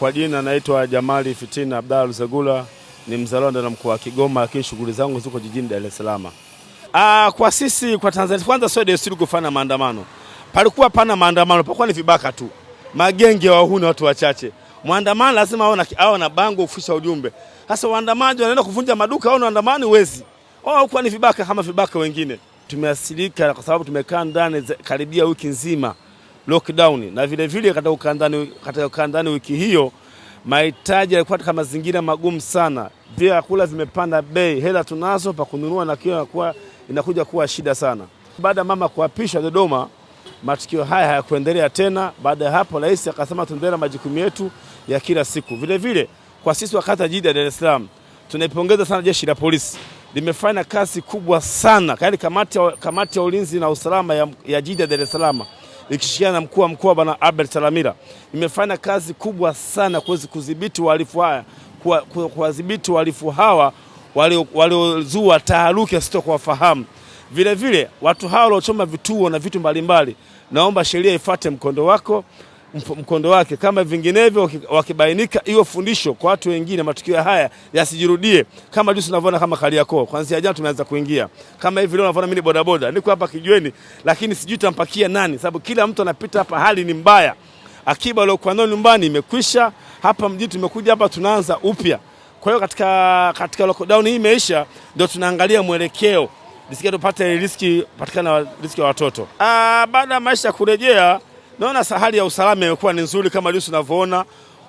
Kwa jina naitwa Jamali Fitina Abdalla Lusegula, ni mzalendo na mkoa wa Kigoma, lakini shughuli zangu ziko jijini Dar es Salaam. Ah, kwa sisi kwa Tanzania kwanza, sio desturi kufanya maandamano. Palikuwa pana maandamano, palikuwa ni vibaka tu, magenge wahuni, watu wachache. Mwandamano lazima awe na awe na bango kufisha ujumbe. Sasa waandamaji wanaenda kuvunja maduka au waandamani wezi au kwa ni vibaka kama vibaka wengine. Tumeasilika kwa sababu tumekaa ndani karibia wiki nzima lockdown, na vile vile katika ukandani, katika ukandani wiki hiyo mahitaji yalikuwa katika mazingira magumu sana, vyakula vimepanda bei, hela tunazo pa kununua, na kiwa inakuwa inakuja kuwa shida sana. Baada ya mama kuapishwa Dodoma, matukio haya hayakuendelea tena. Baada ya hapo, rais akasema tuendelee na majukumu yetu ya kila siku. Vile vile kwa sisi wa kata jiji ya Dar es Salaam tunaipongeza sana jeshi la polisi, limefanya kazi kubwa sana, yaani kamati, kamati ya ulinzi na usalama ya, ya jiji ya Dar es Salaam ikishirikiana na mkuu wa mkoa Bwana Albert Salamira imefanya kazi kubwa sana kuweza kudhibiti wahalifu haya, kuwadhibiti wahalifu hawa waliozua taharuki asitokuwafahamu. Vilevile watu hawa waliochoma vituo na vitu mbalimbali, naomba sheria ifate mkondo wako mkondo wake, kama vinginevyo wakibainika hiyo fundisho kwa watu wengine, matukio haya yasijirudie. Kama jinsi tunavyoona kama Kariakoo, kwanza jana tumeanza kuingia kama hivi leo, unavyoona mimi ni bodaboda niko hapa kijweni, lakini sijui tampakia nani, sababu kila mtu anapita hapa, hali ni mbaya. Akiba aliyokuwa nayo nyumbani imekwisha, hapa mjini tumekuja hapa, tunaanza upya. Kwa hiyo katika, katika lockdown hii imeisha, ndio tunaangalia mwelekeo, nisikia tupate riski patikana riski ya watoto. Ah, baada ya maisha kurejea Naona hali ya usalama imekuwa ni nzuri kama jinsi unavyoona,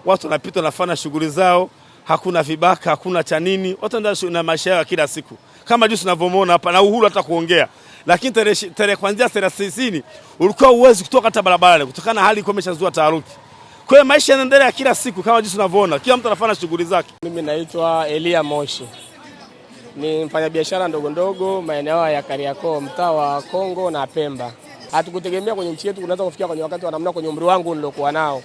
watu wanapita wanafanya shughuli zao, hakuna vibaka, hakuna cha nini, watu wanaenda na maisha yao kila siku kama jinsi unavyomuona hapa, na uhuru hata kuongea. Lakini tarehe kuanzia thelathini ulikuwa uwezi kutoka hata barabarani kutokana na hali ilikuwa imeshazua taharuki. Kwa hiyo maisha yanaendelea kila siku kama jinsi unavyoona, kila mtu anafanya shughuli zake. Mimi naitwa Elia Moshi, ni mfanyabiashara ndogo ndogo maeneo ya Kariakoo, mtaa wa Kongo na Pemba hatukutegemea kwenye nchi yetu kunaweza kufikia kwenye wakati wa namna, kwenye umri wangu nilokuwa nao.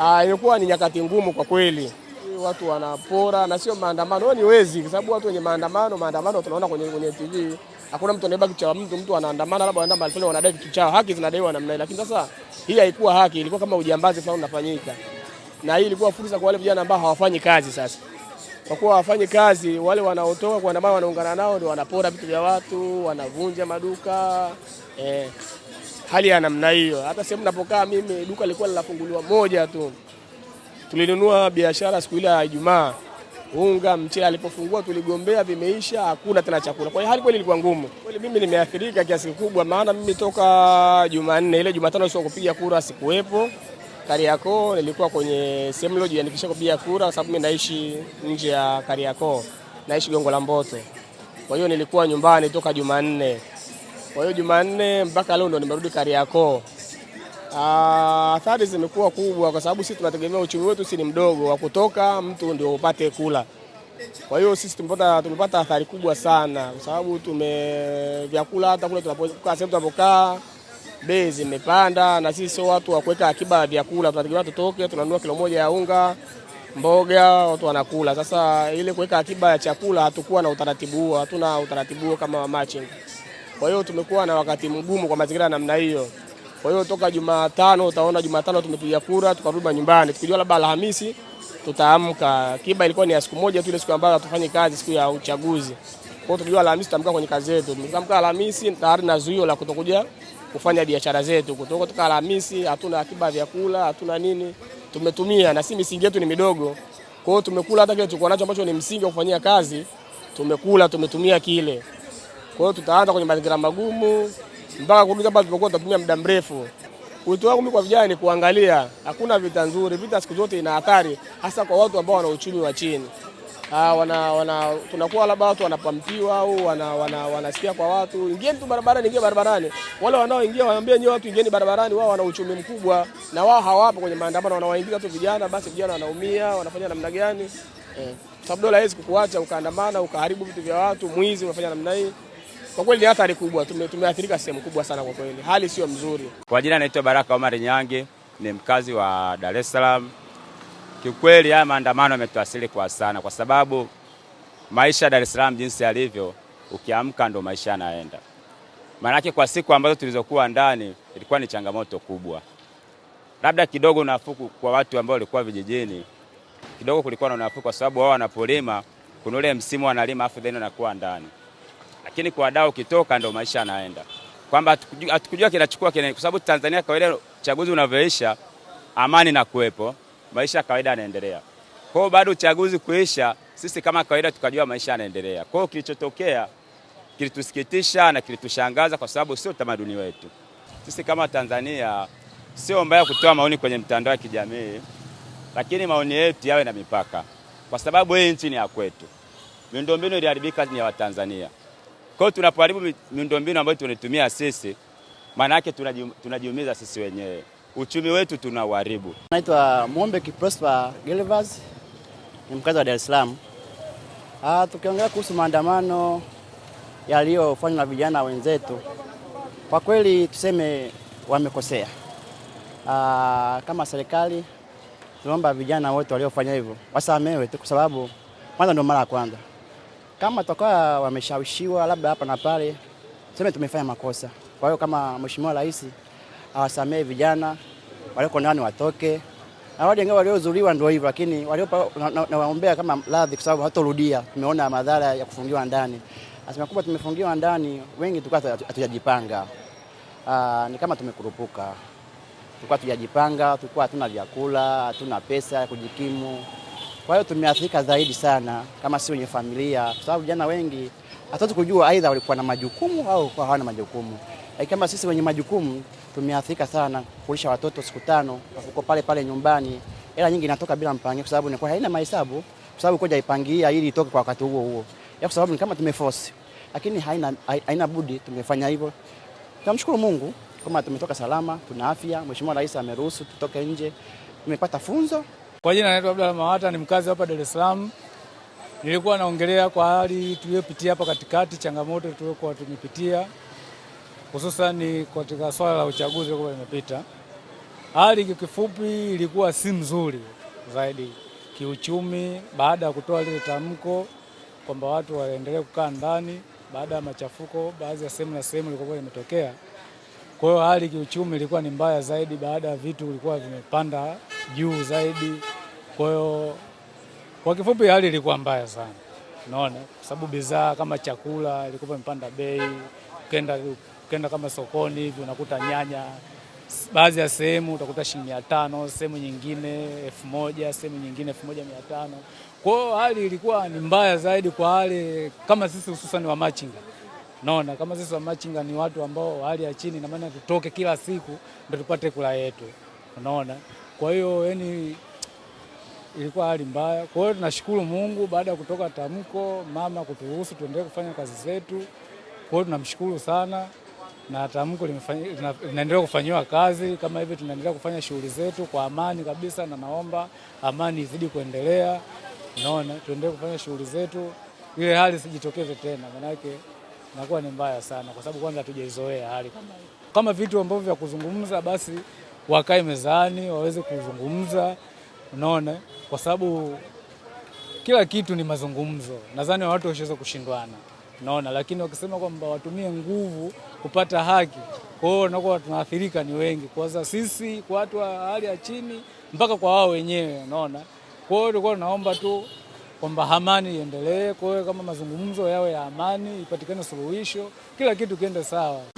Ah, ilikuwa ni nyakati ngumu kwa kweli, watu wanapora na sio maandamano, ni wezi, kwa sababu watu wenye maandamano, maandamano tunaona kwenye, kwenye TV hakuna mtu anayebaki cha mtu. Mtu anaandamana labda anaenda mahali wanadai kitu chao, haki zinadaiwa namna hii. Lakini sasa hii haikuwa haki, ilikuwa kama ujambazi fulani unafanyika, na hii ilikuwa fursa kwa wale vijana ambao hawafanyi kazi. Sasa kwa kuwa hawafanyi kazi, wale wanaotoka kuandamana wanaungana nao ndio wanapora vitu vya watu, wanavunja maduka eh hali ya namna hiyo. Hata sehemu napokaa mimi duka lilikuwa linafunguliwa moja tu. Tulinunua biashara siku ile ya Ijumaa, unga, mchele, alipofungua tuligombea, vimeisha, hakuna tena chakula. Kwa hiyo hali kweli ilikuwa ngumu. Kweli mimi nimeathirika kiasi kikubwa, maana mimi toka Jumanne ile Jumatano sio kupiga kura sikuwepo Kariakoo, nilikuwa kwenye sehemu niliyojiandikisha kupiga kura, sababu mimi naishi nje ya Kariakoo, naishi Gongo la Mboto. Kwa hiyo nilikuwa nyumbani toka Jumanne. Kwa hiyo Jumanne mpaka leo ndo nimerudi Kariakoo. Ah, athari zimekuwa kubwa kwa sababu sisi tunategemea uchumi wetu si ni mdogo wa kutoka mtu ndio upate kula. Kwa hiyo sisi tumepata tumepata athari kubwa sana kwa sababu tume vyakula hata kule tunapokaa sehemu tunapokaa bei zimepanda, na sisi sio watu wa kuweka akiba ya vyakula. Tunategemea tutoke, tunanunua kilo moja ya unga, mboga, watu wanakula. Sasa ile kuweka akiba ya chakula hatukuwa na utaratibu huo, hatuna utaratibu huo kama wa machinga. Kwa hiyo tumekuwa na wakati mgumu kwa mazingira namna hiyo. Kwa hiyo toka Jumatano utaona Jumatano tumepiga kura tukarudi nyumbani, tukijua labda Alhamisi tutaamka. Kiba ilikuwa ni siku moja tu, ile siku ambayo hatufanyi kazi, siku ya uchaguzi. Kwa hiyo tukijua Alhamisi tutaamka kwenye kazi zetu. Tukiamka Alhamisi tayari na zuio la kutokuja kufanya biashara zetu. Kutoka toka Alhamisi hatuna akiba ya kula, hatuna nini. Tumetumia na si misingi yetu ni midogo. Kwa hiyo tumekula hata kile tulikuwa nacho ambacho ni msingi wa kufanyia kazi. Tumekula, tumetumia kile. Kwa hiyo tutaanza kwenye mazingira magumu mpaka kurudi hapa tulipokuwa tutatumia muda mrefu. Wito wangu mimi kwa vijana ni kuangalia, hakuna vita nzuri, vita siku zote ina athari, hasa kwa watu ambao wana uchumi wa chini. Ah, wana, wana tunakuwa labda watu wanapampiwa au wana, wana, wanasikia kwa watu, ingieni tu barabarani, ingie barabarani. Wale wanaoingia waambie nyewe watu ingieni barabarani, wao wana uchumi mkubwa na wao hawapo kwenye maandamano, wanawaingiza tu vijana, basi vijana wanaumia, wanafanya namna gani? Eh, sababu dola hizi kukuacha ukaandamana ukaharibu vitu vya watu, mwizi unafanya namna hii. Kwa kweli ni athari kubwa, tumeathirika sehemu kubwa sana, kwa kweli hali sio mzuri. Kwa jina naitwa Baraka Omar Nyange, ni mkazi wa Dar es Salaam. Kiukweli haya maandamano yametuasili kwa sana, kwa sababu maisha ya Dar es Salaam jinsi yalivyo, ukiamka ndo maisha yanaenda. Maanake kwa siku ambazo tulizokuwa ndani ilikuwa ni changamoto kubwa, labda kidogo nafuku kwa watu ambao walikuwa vijijini, kidogo kulikuwa na nafuu, kwa sababu wao wanapolima kuna ule msimu wanalima afu then wanakuwa ndani lakini kwa wadau ukitoka ndo maisha yanaenda, kwamba hatukujua kinachukua kile, kwa sababu Tanzania kawaida uchaguzi unavyoisha amani na kuwepo, maisha kawaida yanaendelea. Kwa hiyo bado uchaguzi kuisha, sisi kama kawaida tukajua maisha yanaendelea. Kwa hiyo kilichotokea kilitusikitisha na kilitushangaza, kwa sababu sio utamaduni wetu. Sisi kama Tanzania sio mbaya kutoa maoni kwenye mtandao wa kijamii, lakini maoni yetu yawe na mipaka, kwa sababu hii nchi ni ya kwetu. Miundombinu iliharibika ni ya Watanzania. Kwa hiyo tunapoharibu miundombinu ambayo tunatumia sisi, maana yake tunajiumiza sisi wenyewe, uchumi wetu tunauharibu. Naitwa Mombe Kiprosper Gervas, ni mkazi wa Dar es Salaam. Ah, tukiongea kuhusu maandamano yaliyofanywa na vijana wenzetu, kwa kweli tuseme wamekosea. Aa, ah, kama serikali tunaomba vijana wote waliofanya hivyo wasamewe tu, kwa sababu kwanza ndio mara ya kwanza kama tutakuwa wameshawishiwa labda hapa na pale, sema tumefanya makosa. Kwa hiyo kama Mheshimiwa Rais awasamee vijana walioko ndani watoke, na wale wengine waliozuliwa ndio hivyo, lakini waliopa nawaombea kama radhi, kwa sababu hatorudia. Tumeona madhara ya kufungiwa ndani, asema kubwa tumefungiwa ndani, wengi tulikuwa hatujajipanga. Uh, ni kama tumekurupuka, tulikuwa hatujajipanga, tulikuwa hatuna vyakula, hatuna pesa ya kujikimu. Kwa hiyo tumeathirika zaidi sana kama si wenye familia, kwa sababu vijana wengi hatuwezi kujua aidha walikuwa na majukumu au hawana majukumu. Lakini kama sisi wenye majukumu tumeathirika sana kulisha watoto siku tano huko pale pale nyumbani. Hela nyingi inatoka bila mpangilio kwa sababu inakuwa haina mahesabu kwa sababu koja ipangia ili itoke kwa wakati huo huo. kwa sababu ni kama tumeforce. Lakini haina haina budi tumefanya hivyo. Tunamshukuru Mungu kama tumetoka salama, tuna afya. Mheshimiwa Rais ameruhusu tutoke nje. Tumepata funzo kwa jina naitwa Abdalla Mawata, ni mkazi hapa Dar es Salaam. Nilikuwa naongelea kwa hali tuliyopitia hapa katikati, changamoto tuliokuwa tumepitia hususan ni katika swala la uchaguzi uliokuwa limepita. Hali kifupi ilikuwa si mzuri zaidi kiuchumi, baada ya kutoa lile tamko kwamba watu waendelee kukaa ndani, baada ya machafuko baadhi ya sehemu na sehemu ilikuwa imetokea. Kwa hiyo hali kiuchumi ilikuwa ni mbaya zaidi, baada ya vitu vilikuwa vimepanda juu zaidi. Kwa hiyo kwa kifupi, hali ilikuwa mbaya sana, unaona, kwa sababu bidhaa kama chakula ilikuwa imepanda bei. Ukenda ukenda kama sokoni hivi unakuta nyanya baadhi ya sehemu utakuta shilingi mia tano, sehemu nyingine elfu moja, sehemu nyingine elfu moja mia tano. Kwa hiyo hali ilikuwa ni mbaya zaidi kwa hali kama sisi, hususan wa machinga. Naona kama sisi wa machinga ni watu ambao hali ya chini, na maana tutoke kila siku ndio tupate kula yetu, unaona. Kwa hiyo yani ilikuwa hali mbaya. Kwa hiyo tunashukuru Mungu baada ya kutoka tamko mama kuturuhusu tuendelee kufanya kazi zetu. Kwa hiyo tunamshukuru sana na tamko linaendelea kufanyiwa kazi kama hivi, tunaendelea kufanya shughuli zetu kwa amani kabisa, na naomba amani izidi kuendelea. Naona tuendelee kufanya shughuli zetu ile hali sijitokeze tena, manake inakuwa ni mbaya sana, kwa sababu kwanza hatujaizoea hali kama hiyo. Kama vitu ambavyo vya kuzungumza, basi wakae mezani waweze kuzungumza unaona, kwa sababu kila kitu ni mazungumzo. Nadhani watu washaweza kushindwana, unaona, lakini wakisema kwamba watumie nguvu kupata haki, kwa hiyo nakuwa tunaathirika ni wengi, kwanza sisi, kwa watu wa hali ya chini mpaka kwa wao wenyewe, unaona. Kwa hiyo tulikuwa tunaomba tu kwamba amani iendelee, kwa hiyo kama mazungumzo yawe ya amani, ipatikane suluhisho, kila kitu kiende sawa.